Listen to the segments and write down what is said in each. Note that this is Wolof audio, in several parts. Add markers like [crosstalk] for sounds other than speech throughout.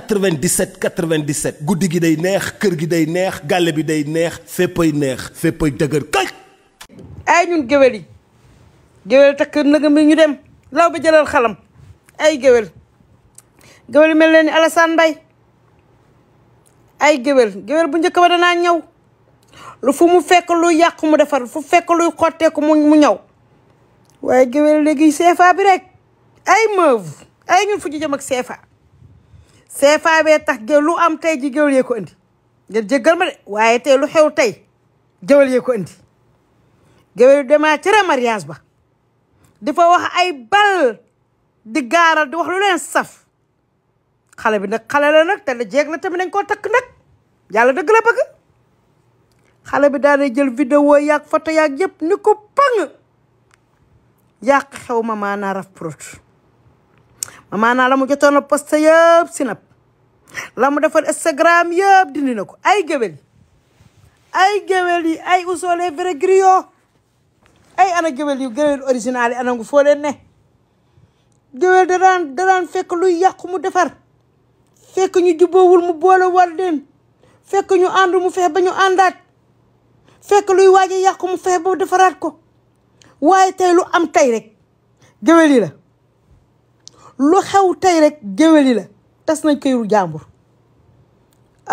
97 97 guddi gi day neex kër gi day neex gàlle bi day neex féppay neex féppay dëgër kay ay ñun géwél yi géwél takk naga mi ñu dem law ba jëlal xalam ay géwél géwél yi mel leen ni Alassane Mbaye ay géwél géwél bu njëkk ba danaa ñëw lu fu mu fekk lu yàq mu defar fu fekk luy xotteeku mu mu ñëw waaye géwél léegi CFA bi rek ay meuve ay ñun fu ñu jëm ak CFA CFA bee tax géw lu am tey ji géwél yee ko indi ngeen jéggal ma waaye tey xew tey géwél yee ko indi géwél dema cere mariage ba di fa wax ay bal di gaaral di wax lu leen saf xale bi nag xale la nag te la jeeg la tamit dañ koo takk nag yàlla dëgg la bëgg xale bi daal di jël vidéo yaag photo yaag yëpp ni ko pang yàq xew ma maanaa raf prot amaanaa la mu jotoon a posté yëpp Snap la mu defar Instagram yëpp dindi ko ay géwél ay géwél yi ay Ouzo les vrais griots ay ana géwél yu géwél original yi ana ngu foo ne géwél dadaan dadaan fekk luy yàqu mu defar fekk ñu jubboowul mu boole war leen fekk ñu ànd mu fexe ba ñu àndaat fekk luy waaje yàqu mu fexe ba defaraat ko waaye tey lu am tey rek géwél yi lu xew tey rek géwéli la tas nañ këyru jàmbur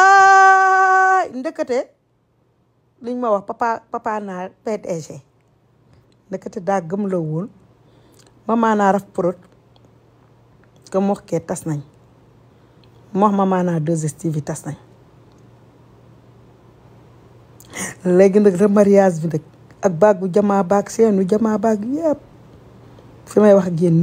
ay ndëkkate liñ ma wax papa papa naar PDG ndëkkate daa gëm la mama naa raf prot que moox kee tas nañ moox mama naa 2STV yi tas nañ léegi nag remariage bi nag ak baag bu jamaa seenu jamaa baag yëpp fi may wax ak yéen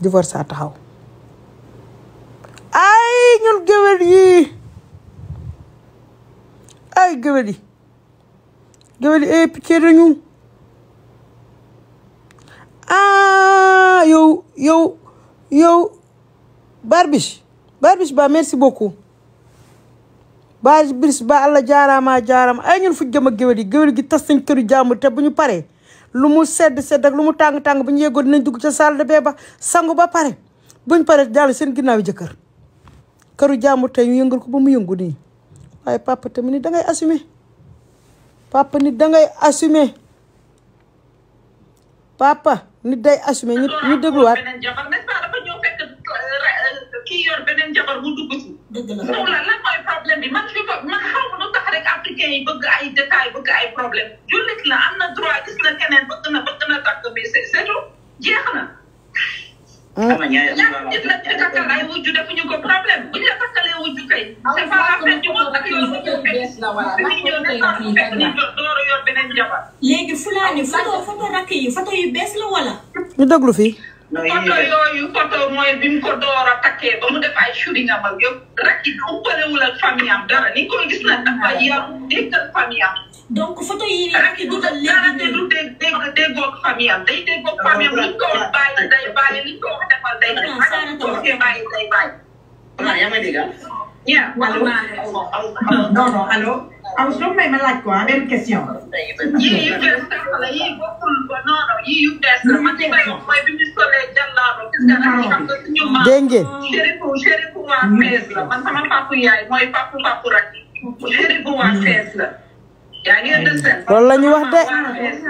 divorce a taxaw ay ñun géwél yi ay géwél yi géwél yi ay eh, picc nañu ah yow barbiche barbiche ba merci beaucoup barbiche ba allah jaaraama jaaraama ay ñun fu jëm ak géwél yi géwél gi tas nañ këru jàmbur te bu ñu paree lu mu sedd sedd ak lu mu tàng tàng bu ñu yeggoon dinañ dugg ca salle de ba sangu ba pare buñ pare daal seen ginnaaw jëkkër këru jàmbur tey yëngal ko ba mu yëngu nii waaye papa ni da ngay assumer papa nit da papa nit day assumer ñu ñu dégluwaat. américain yi bëgg ay détails bëgg ay problème jullit la am na droit gis na keneen bëgg na bëgg na takk bi c'est tout jeex na. Ah. sama ñaari nit la ñu takkal ay wujju defuñu ko problème bu ñu la takkalee wujju kay. Ah, c'est pas la peine ñu mën ak yow bu ñu bees la wala la ñu fekk ñu door yor beneen jabar. léegi fulaani photo ah, photo rakk yi photo yu bees la wala. ñu déglu fii. photo yooyu photo mooy bi mu ko door a takkee ba mu def ay shooting am ak yëpp rek it umpalewul ak famille am dara ni koy gis na dafa yaru déggal famille am donc photo yi rek it dugal léegi te du dégg dégg déggoog famille am day déggoog famille am liñ ko wax bàyyi day bàyyi liñ ko wax defal day def bàyyi day bàyyi ah? waaw yaa ma dégg Yeah, allo non non allo. am soo may ma laaj quoi benn question. yii yii yii bokkul non yii yu bees la man li may wax mooy bi la man sama papu wax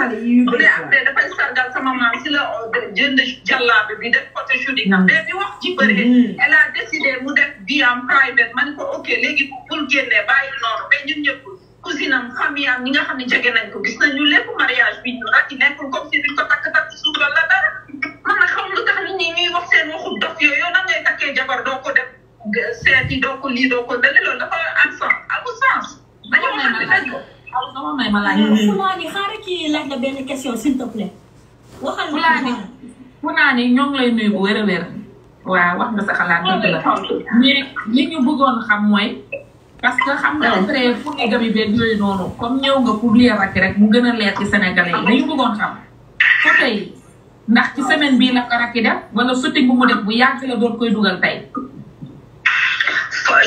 de bu dee après dafay sargal sama maam si la euh, def mm. bi wax mm. a mu def bi man ko ok léegi bul génnee bàyyi noonu mais ñun ñëpp Josephine famille am ñi nga xam ne jege nañ ko gis nañu lépp mariage bi ñu ak nekkul comme si biñ ko takk takk suuf la la dara man nag xam lu tax nit ñi ñuy wax seen waxu dof yooyu yow nan jabar doo ko def seeti doo ko lii doo ko dale loolu dafa am sens amul sens. ko. alors dama may ma laaj. Mm-hmm. Fulani xaaral kii laaj la benn question s'il te plaît. waxal Fulani Fulani ñoo ngi lay nuyu bu wér a wér. waaw wax nga sa xalaat dëgg la mais li ñu bëggoon xam mooy. parce que xam nga après fu nga gëm beeg yooyu noonu comme ñëw nga pour leer ak rek mu gën a leer ci Sénégalais yi dañu bëggoon xam photo ndax ci semaine bii la ko rakki def def bu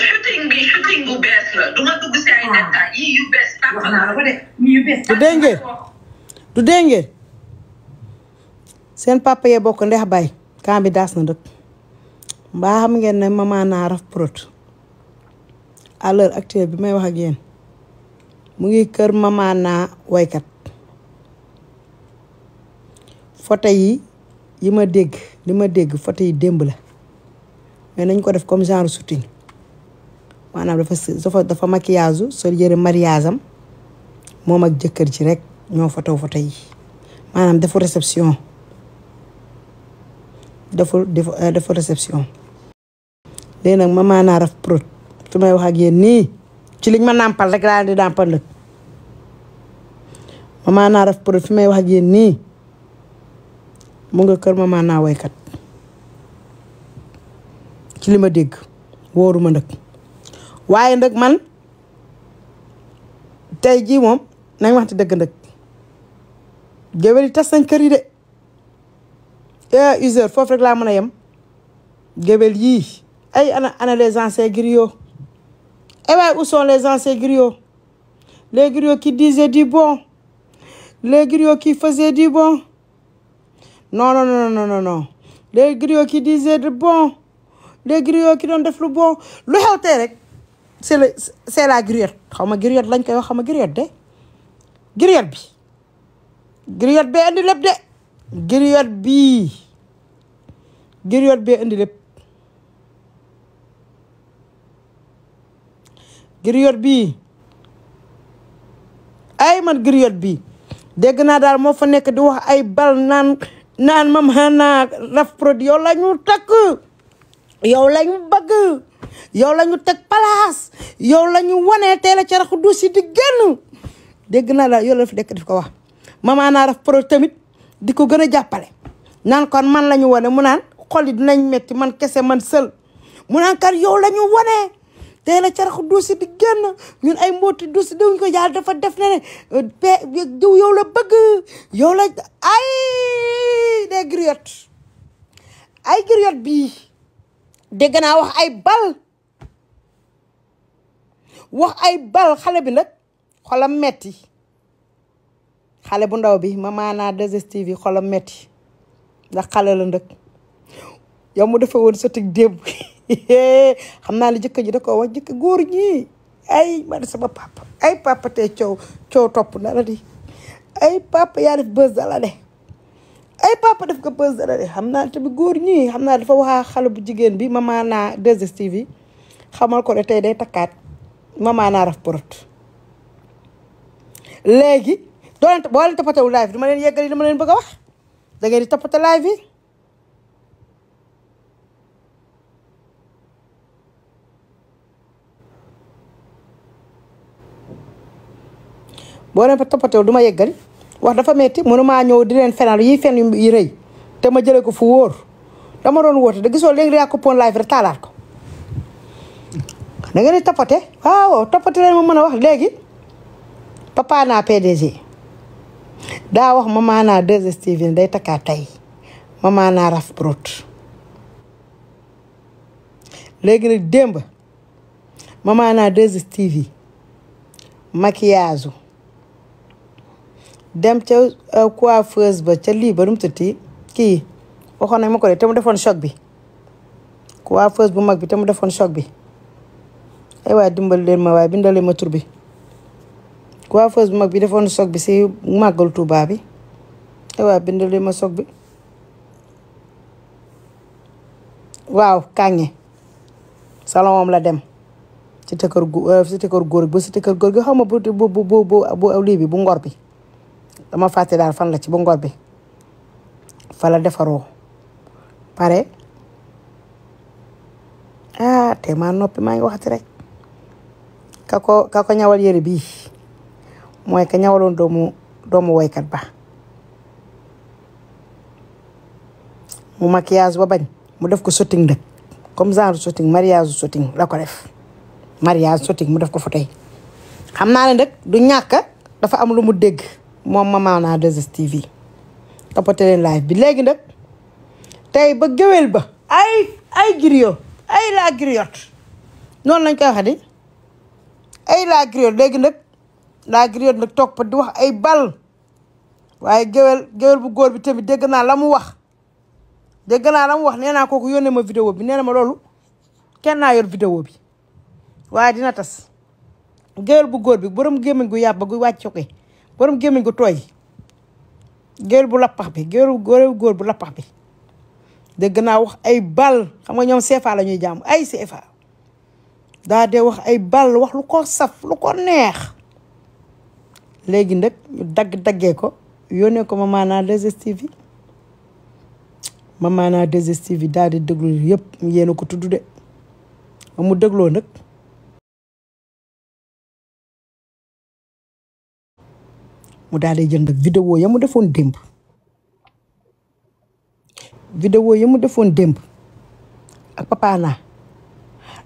shooting bi shooting yu bees la du ah. dégg du dégg seen papa yee bokk ndex bay kambi daas na dëkk mbaa xam ngeen ne maman naa raf prot à l'heure actuelle bi may wax a yéen mu ngi kër mamaanaa woykat waykat photo yi yi ma dégg li ma dégg photo yi démb la mais nañ ko def comme genre shooting maanaam dafa dafa maquillage sol yëre mariage am moom ak jëkkër ji rek ñoo photo photo yi maanaam defu réception defu defu réception léegi nag mama raf prot su may wax ak yéen nii ci liñ ma nàmpal rek laa di nàmpal nag mama naa def preuve fi may wax ak yéen nii mu nga kër mama naa woykat ci li ma dégg wóoruma nag waaye nag man tey jii moom nañ waxte dëgg nag géwél yi tas nañ kër yi de eh, useur foofu rek laa mën a yem géwél yii ay ana ana les anciens griots Et eh ouais, où sont les anciens griots Les griots qui disaient du bon. Les griots qui faisaient du bon. Non, non, non, non, non, non. Les griots qui disaient du bon. Les griots qui doon def lu bon. Lu xew tey rek c'est le c'est la griotte xaw ma griotte lañ koy wax xaw ma griotte de griotte bi griotte bee indi lépp de griotte bii griotte bee indi lépp griotte bii ay man griotte bi dégg naa daal moo fa nekk di wax ay bal naan naan mam produit yow la ñu takk yow la ñu bëgg yow la ñu teg place yow lañu wane teel a carax du si di génn dégg naa daal yow la fi nekk di ko wax mama naa produit tamit di ko gën a jàppale naan kon man la ñu wane mu naan xol yi dinañ metti man kese man sël mu naan kat yow la wane tey la caraxu duusi di génn ñun ay mbooti duusi dawuñ ko yàlla dafa def ne ne diw yow la bëgg yow la ay des griottes ay griottes bii dégg naa wax ay bal wax ay bal xale bi nag xolam metti xale bu ndaw bi ma maanaa désestive yi xolam metti ndax xale la ndëkk yow mu defe woon sotig démb [laughs] [laughs] xam naa ne jëkkër ji da koo wax jëkkër góor ñi ay man sama papa ay papa tey coow coow topp na la di ay papa yaa def bës dala ay papa def ko bës dala xam naa tamit góor ñi xam naa dafa waxaa xale bu jigéen bi maman naa 2STV xamal ko ne tey day takkaat maman naa raf porot léegi doo leen boo leen live du ma leen yeggali dama leen bëgg wax da ngeen di toppate live boo leen fa toppatoo du ma yeggali wax dafa metti maa ñëw di leen fenal yii fen yu rëy te ma jële ko fu wóor dama doon wóote da gisoo léegi daa ko pon live rek taalaat ko da ngeen di toppate waaw toppate leen mën a wax léegi papa naa PDG daa wax maman naa 2 day takkaa tey maman nag démb maman naa 2STV maquillage dem ca coiffeuse ba ca lii ba nu mu tuddati kii waxoon nañ ma ko de te mu defoon choc bi coiffeuse bu mag bi te mu defoon choc bi ay waay dimbali leen ma waaye bindalee ma tur bi coiffeuse bu mag bi defoon choc bi si màggal Tuuba bi ay waay bindalee ma choc bi waaw kàññe salon moom la dem ci tëkkër gu ci tëkkër góor ba si tëkkër góor gi xaw ma bu bu bu bu lii bi bu ngor bi dama fàtte daal fan la ci bu ngor bi fa la defaroo pare ah te maa noppi maa ngi waxati rek ka ko ka ko ñawal yére bii mooy ka ñawaloon doomu doomu woykat ba mu maquillage ba bañ mu def ko shooting nag comme genre shooting mariage shooting la ko def mariage shooting mu def ko fa tey xam naa ne nag du ñàkk dafa am lu mu dégg moom maman naa 2STV yi tapote leen live bi léegi nag tey ba géwél ba ay ay griot ay la griotte noonu lañ koy waxee di ay la griotte léegi nag la griotte nag toog pa di wax ay bal waaye géwél géwél bu góor bi tamit dégg naa la mu wax dégg naa la mu wax nee naa kooku yónnee ma vidéo bi nee na ma loolu kenn naa yor vidéo bi waaye dina tas géwél bu góor bi borom gémmiñ gu yàbba gu wàcc ko borom gémmiñ gu tooy géwél bu lappax bi géwél góor bu lappax bi dégg naa wax ay bal xam nga ñoom CFA la ñuy jàmm ay CFA daa dee wax ay bal wax lu ko saf lu ko neex léegi nag dagg-daggee ko yónnee ko ma maanaa 2STV ma maanaa 2STV daal di déglu yëpp yéen a ko tudd de mu dégloo nag mu daal di jël nag vidéo ya mu defoon démb vidéo ya mu defoon démb ak papa naa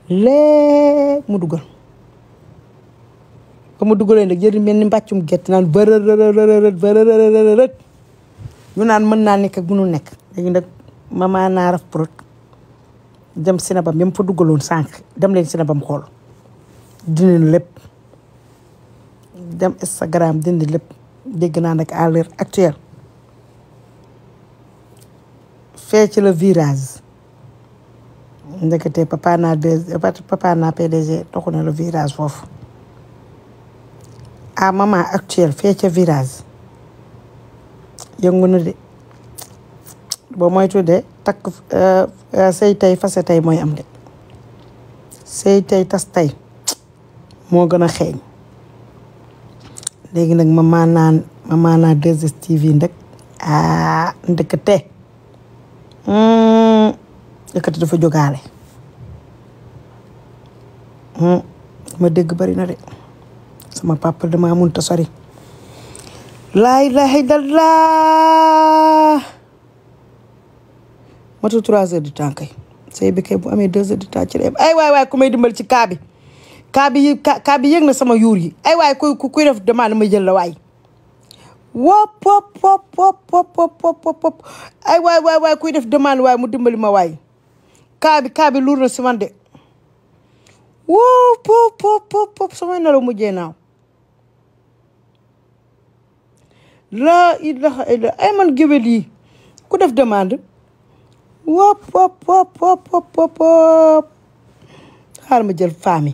lee mu dugal ba mu dugalee nag jëriñ mel ni mbàccum gett naan bërërërërërët bërërërërët ñu naan mën naa nekk ak mënul nekk léegi nag mama naa raf prot dem sinabam yam fa duggaloon sànq dem leen sinabam xool dinañ lépp dem Instagram dindi lépp dégg naa nag à l'heure actuelle fee la virage ndekete papa naa papa naa PDG toxu la virage foofu à moment actuel fee ca virage yëngu na de boo moytu de takk euh, euh, sëy tey fase tey mooy am de sëy tey tas tey moo gën a xeeñ léegi nag ma maanaan ma maanaan 2STV ndek ah ndekete hmm, ndekete dafa jógaale hmm, ma dégg bari na de sama papa dama munta sori laa ilaaha illallah matu trois heures du temps kay sëy bi bu amee deux heures du temps ci dem ay waay waay ku may dimbal ci kaa kaa bi kaa bi yëg na sama yuur yi ay waay kuy kuy def demande ma jël la waay wop wop wop wop wop wop ay waay waay waay kuy def demande waay mu dimbali ma waay kaa bi kaa bi luur na si man de wop wop wop wop samay nelaw mujjee naaw laa ilaha illa ay man géwél yi ku def demande wop wop wop wop wop wop xaar ma jël faami